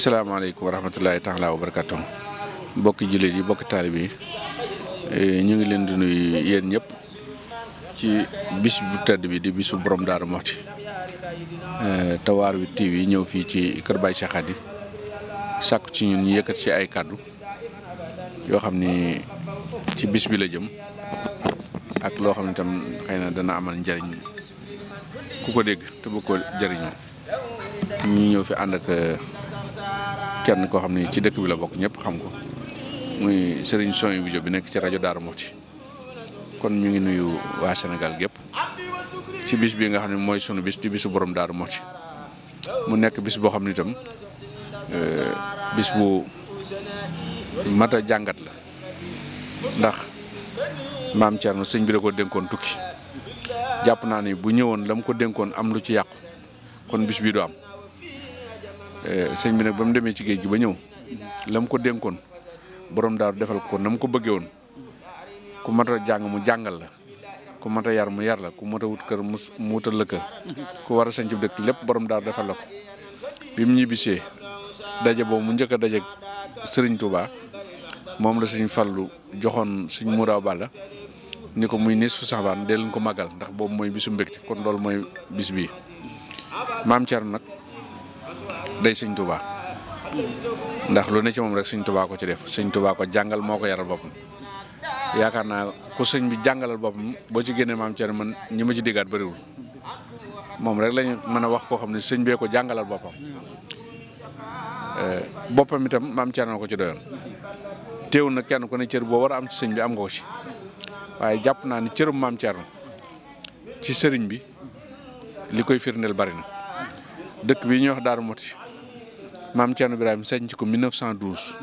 salaamaaleykum wa rahmatulahi taala wa barakatu bokki jullit yi bokki taalib yi eh, ñu ngi leen di nuyu yéen ñëpp ci bis bu tedd bi di bisu borom Daaru Muxti eh, Tawaar wi TV ñëw fii ci kër Baye Cheikh Khady sàkku ci ñun ñu yëkkat ci ay kàddu yoo xam ni ci bis bi la jëm ak loo xam ne tam xëy na dana amal njariñ ku ko dégg te bëgg ko jariñoo ñu ñëw fi ànd ak eh, kenn koo xam ne ci dëkk bi la bokk ñëpp xam ko muy Serigne Sonia Bidjo bi nekk ci rajo Darou Mouhty kon ñu ngi nuyu waa senegal gépp ci bis bii nga xam ne mooy sunu bis di bisu borom daaru Mouhty mu nekk bis boo xam ne itam euh, bis bu mat a jàngat la ndax maam Thierno sëñ bi da ko dénkoon tukki jàpp naa ni bu ñëwoon la mu ko dénkoon am lu ci yàqu kon bis bi doo am. Eh, sëñ bi nag ba mu demee ci géej gi ba ñëw la mu ko dénkoon boroom daaru defal ko na mu ko bëggee woon ku mat a jàng mu jàngal la ku mat a yar mu yar la ku mat a wut kër mu wutal la kër ku war a sañ ci dëkk lépp borom daaru defal la ko bi mu ñibbisee daje boo mu njëkk a daje sëriñ Touba moom la sëñ Fallu joxoon sëñ Mouraaw Balla ni ko muy nis fu saxbaan dee leen ko màggal ndax boobu mooy bisu mbégte kon loolu mooy bis bii maam Thierno nag day sëñ Tuubaa ndax lu ne ci moom rek sëñ Tuubaa ko ci def sëñ Tuubaa ko jàngal moo ko yaral boppam yaakaar naa ku sëñ bi jàngalal boppam boo ci génnee man ñi ma ci diggaat bëriwul moom rek lañu mën a wax koo xam ne sëñ bee ko jàngalal boppam eh, boppam itam maam Thierno ko ci doyoon teewul na kenn ku ne cër boo war a am ci sëñ bi am nga ko ci waaye jàpp naa ne cërum maam Thierno ci sëriñ bi li koy firndeel bari na dëkk bi ñuy wax Darou Moti maam Thierno Ibrahima sañc ko 1912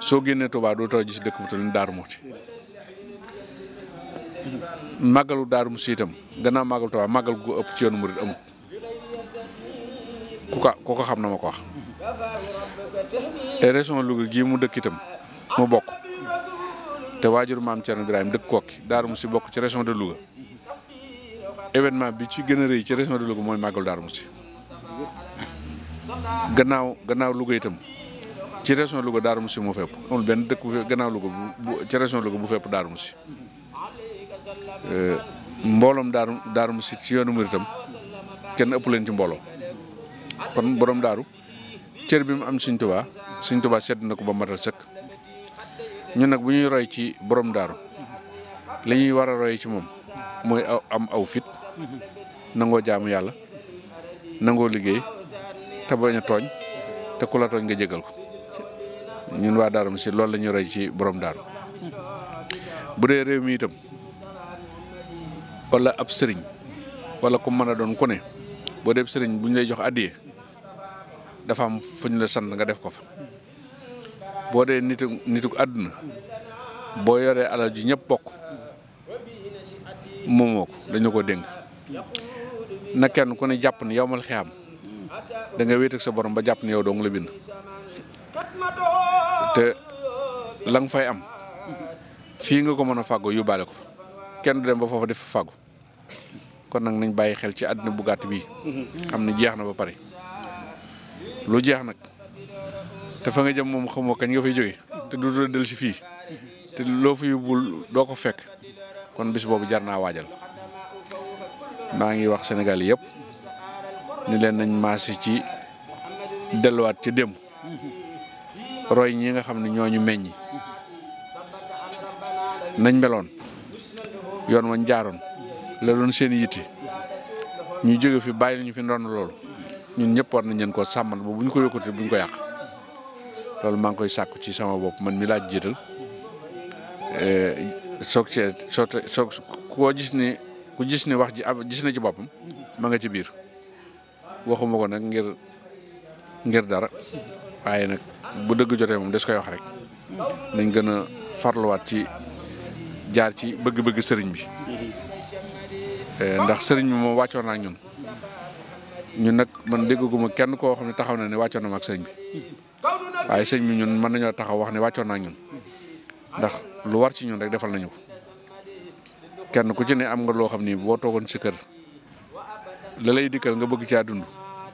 soo génnee Touba doo too gis dëkk bu toll nii Darou Moti màggalu Darou Mouhty itam gannaaw màggal màggal gu ëpp ci yoonu murid amut ku ko ku ko xam na ma ko wax. te région Louga gii mu dëkk itam mu bokk te waajur maam Thierno Ibrahima dëkk Koki Darou Mouhty bokk ci région de Louga événement bi ci gën a rëy ci région de Louga mooy màggalu Darou Mouhty. gannaaw gannaaw Louga itam ci région Louga Darou Mousty mu fepp amul benn dëkk bu gannaaw Louga bu ci région Louga bu fepp Darou Mousty euh, mbooloom Darou Darou ci yoonu Mouride itam kenn ëpp leen ci mbooloo kon borom daaru cër bi mu am Sëñ Tuubaa Sëñ Tuubaa sedd na ko ba matal sëkk ñu nag bu ñuy roy ci borom daaru li ñuy war a roy ci moom mooy am aw fit nangoo jaamu yàlla nangoo liggéey. te bañ a tooñ te ku la tooñ nga jégal ko ñun waa Darou Mousty loolu la ñu roy ci borom Darou bu dee réew mi itam wala ab sëriñ wala ku mën a doon ku ne boo dee sëriñ bu ñu lay jox addiye dafa am fu ñu la sant nga def ko fa boo dee nitu nitu àdduna boo yoree alal ji ñëpp bokk moomoo ko dañu ko dénk na kenn ku ne jàpp ne yow mal xeexam dangay nga sa borom ba jàpp ni yow dong la bind te la nga fay am fii nga ko mën a fàggu yóbbaale ko kenn du dem ba foofa def fàggu kon nag nañ bàyyi xel ci àddina bu gàtt bii xam ne jeex na ba pare lu jeex nag te fa nga jëm moom xamoo kañ nga fay jóge te du dul del si fii te loo fa yóbbul doo ko fekk kon bis boobu jar naa waajal maa ngi wax Sénégal yëpp ni leen nañ maase ci delluwaat ci démb roy ñi nga xam ne ñooñu meññ nañ meloon yoon wañ jaaroon la doon seen yitte ñu jóge fi bàyyi ñu fi ndon loolu ñun ñëpp war nañ leen koo sàmman ba bu ñu ko yokkute bu ñu ko yàq loolu maa ngi koy sàkku ci sama bopp man mi laaj jiital eh, soog see soog koo gis ni ku gis ni wax ji ab gis na ci boppam maa nga ci biir waxuma ko nag ngir ngir dara waaye nag bu dëgg jotee moom des koy wax rek dañ gën a farluwaat ci jaar ci bëgg-bëgg sëriñ bi eh, ndax sëriñ bi moom wàccoon na ñun ñun nag man déggaguma kenn koo xam ne taxaw na ne wàccoon na ma ak sëriñ bi waaye sëriñ bi ñun mën nañoo taxaw wax ne wàccoon na ak ñun ndax lu war ci ñun rek defal nañu ko kenn ku ci ne am nga loo xam ni boo toogoon si la lay dikkal nga bëgg caa dund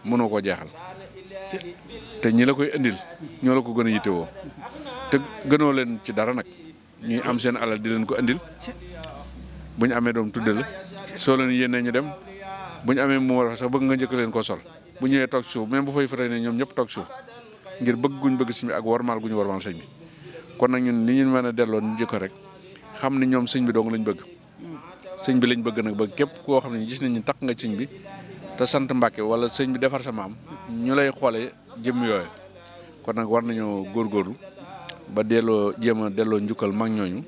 mënoo koo jeexal te ñi la koy indil ñoo la ko gën a woo te gënoo leen ci dara nag ñuy am seen alal di leen ko indil bu ñu amee doom tudde la soo leen yéenee ñu dem bu ñu amee mu war sax bëgg nga jëkk leen ko sol bu ñëwee toog suuf même bu fay fëtee ne ñoom ñëpp toog suuf ngir bëgg guñ bëgg sëñ bi ak warmaal guñ warmaal sëñ bi kon nag ñun li ñu mën a delloo ñu jikko rek xam ni ñoom sëñ bi dong lañ bëgg sëñ bi lañ bëgg nag ba képp koo xam ne gis nañ ñu takk nga sëñ bi te sant Mbàkke wala sëñ bi defar sa maam ñu lay xoolee jëm yooyu kon nag war nañoo góorgóorlu ba delloo jéem a delloo njukkal mag ñooñu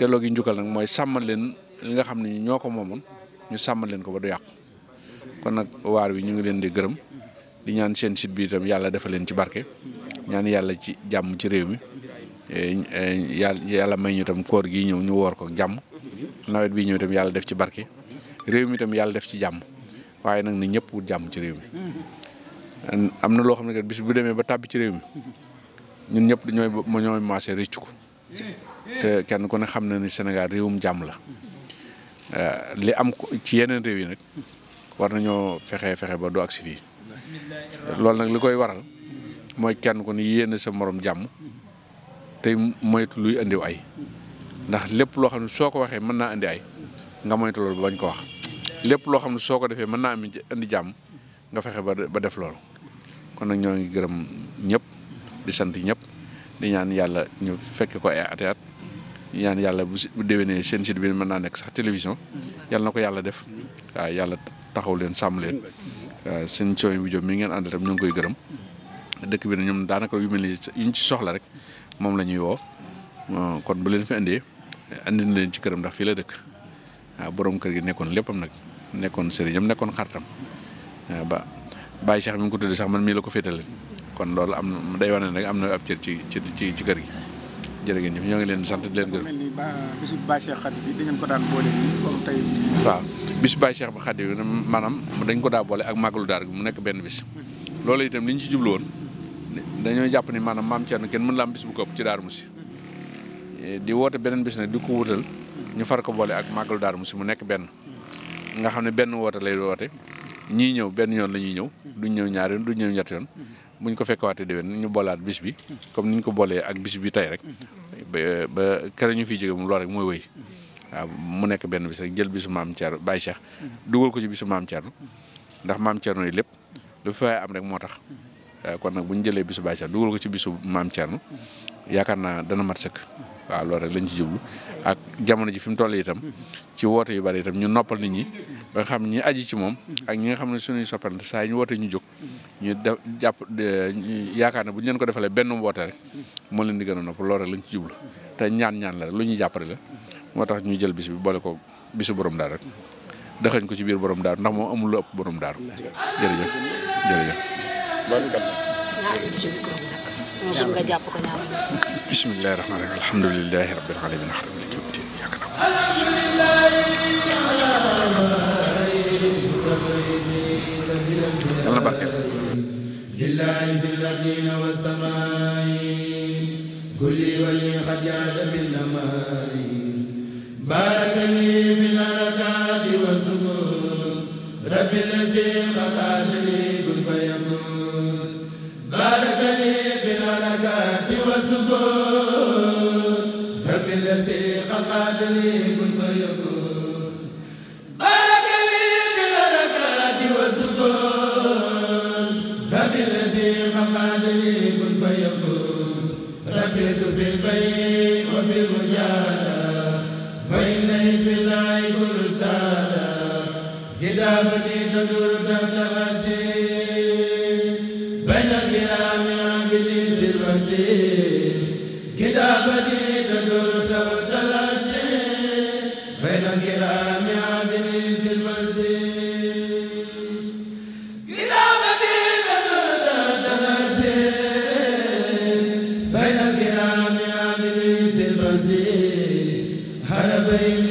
delloo gi njukkal nag mooy sàmmal leen li nga xam ne ñoo ko moomoon ñu sàmmal leen ko ba du yàqu kon nag waar wi ñu ngi leen di gërëm di ñaan seen site bi itam yàlla defal leen ci barke ñaan yàlla ci jàmm ci réew mi eh, yàlla yàlla may ñu tam koor gi ñëw ñu woor ko jàmm nawet bi ñëw itam yàlla def ci barke réew mi itam yàlla def ci jàmm. waaye nag ni ñëpp wut jàmm ci réew mi. am na loo xam ne kat bis bu demee ba tàbbi ci réew mi ñun ñëpp ñooy ba ñooy maase ko te kenn ku ne xam na ni senegal réewum jàmm la euh, li am ko ci yeneen réew yi nag war nañoo fexe fexe ba du agsi fii loolu nag li koy waral mooy kenn ku ni yéene sa moroom jàmm te moytu luy indiw ay ndax lépp loo xam ne soo ko waxee mën naa indi ay nga moytu loolu bañ ko wax. lépp loo xam ne soo ko defee mën naa am indi jàmm nga fexe ba ba def loolu kon nag ñoo ngi gërëm ñëpp di sant ñëpp di ñaan yàlla ñu fekk ko ay ati at ñaan yàlla bu déwénee seen site bi mën naa nekk sax télévision yàlla na ko yàlla def waaw yàlla taxaw leen sàmm leen seen sooy bu jom mi ngeen àndal tam ñu ngi koy gërëm dëkk bi ne ñoom daanaka yu mel ni ci soxla rek moom la ñuy woo kon bu leen fi indee andi leen ci këram ndax fii la dëkk waaw borom kër gi nekkoon léppam nag nekkoon sëriñam nekkoon xaritam eh, ba Baye Cheikh bi mu ko tuddee sax man mii la ko féetale kon loolu am na day wane rek am na ab cër ci ci ci ci kër gi jërë ngeen ñëf ñoo ngi leen di sant di leen gërëm. bisu Baye Cheikh bi dangeen ko daan boole comme tey. waaw bisu Baye Cheikh Khady maanaam dañ ko daa boole ak màggalu daar gi mu nekk benn bis loolu itam liñ ñu ci jublu woon dañoo jàpp ni maanaam maam Thierno kenn mën la am bis bu ko ci Darou musi eh, di woote beneen bis nag di ko wutal ñu far ko boole ak màggalu Darou Moussi mu nekk benn. nga xam ne benn woote lay woote ñii ñëw benn yoon la ñuy ñëw duñ ñëw ñaar yoon duñ ñëw ñett yoon buñ ko fekkawaatee nu ñu boolaat bis bi comme ñu ko boolee ak bis bi tey rek ba kere ñu fiy jóge mu lool rek mooy wéy mu nekk benn bis rek jël bisu maam Thierno dugal ko ci bisu maam ndax maam Thierno yi lépp lu fay am rek moo tax kon nag bu ñu jëlee bisu Baye Cheikh dugal ko ci bisu maam yaakaar naa dana mat sëkk waaw loolu rek lañ ci jublu ak jamono ji fi mu toll itam ci woote yu bari itam ñu noppal nit ñi ba nga xam ñi aji ci moom ak ñi nga xam ne suñuy soppante saa yi ñu woote ñu jóg ñu def jàpp yaakaar ne bu ñu ko defalee benn woote rek moo leen di gën a nopp loolu rek lañ ci jublu te ñaan ñaan la lu ñuy jàppale la moo tax ñu jël bis bi boole ko bisu borom daal rek dëxañ ko ci biir borom daal ndax moom amul lu ëpp borom daaru jërëjëf moom nga jàpp ko ñaar. bismillahi rahmaani rahiim alhamdulillahi rabbil alamin yàlla barkeel. lillahi fi ladina wa samaa'i kulli wali xad yaada bin namaari baraka li fi narakati wa sukur rabbi lazi xataani بين الكرام عابدين الوزير fi harabay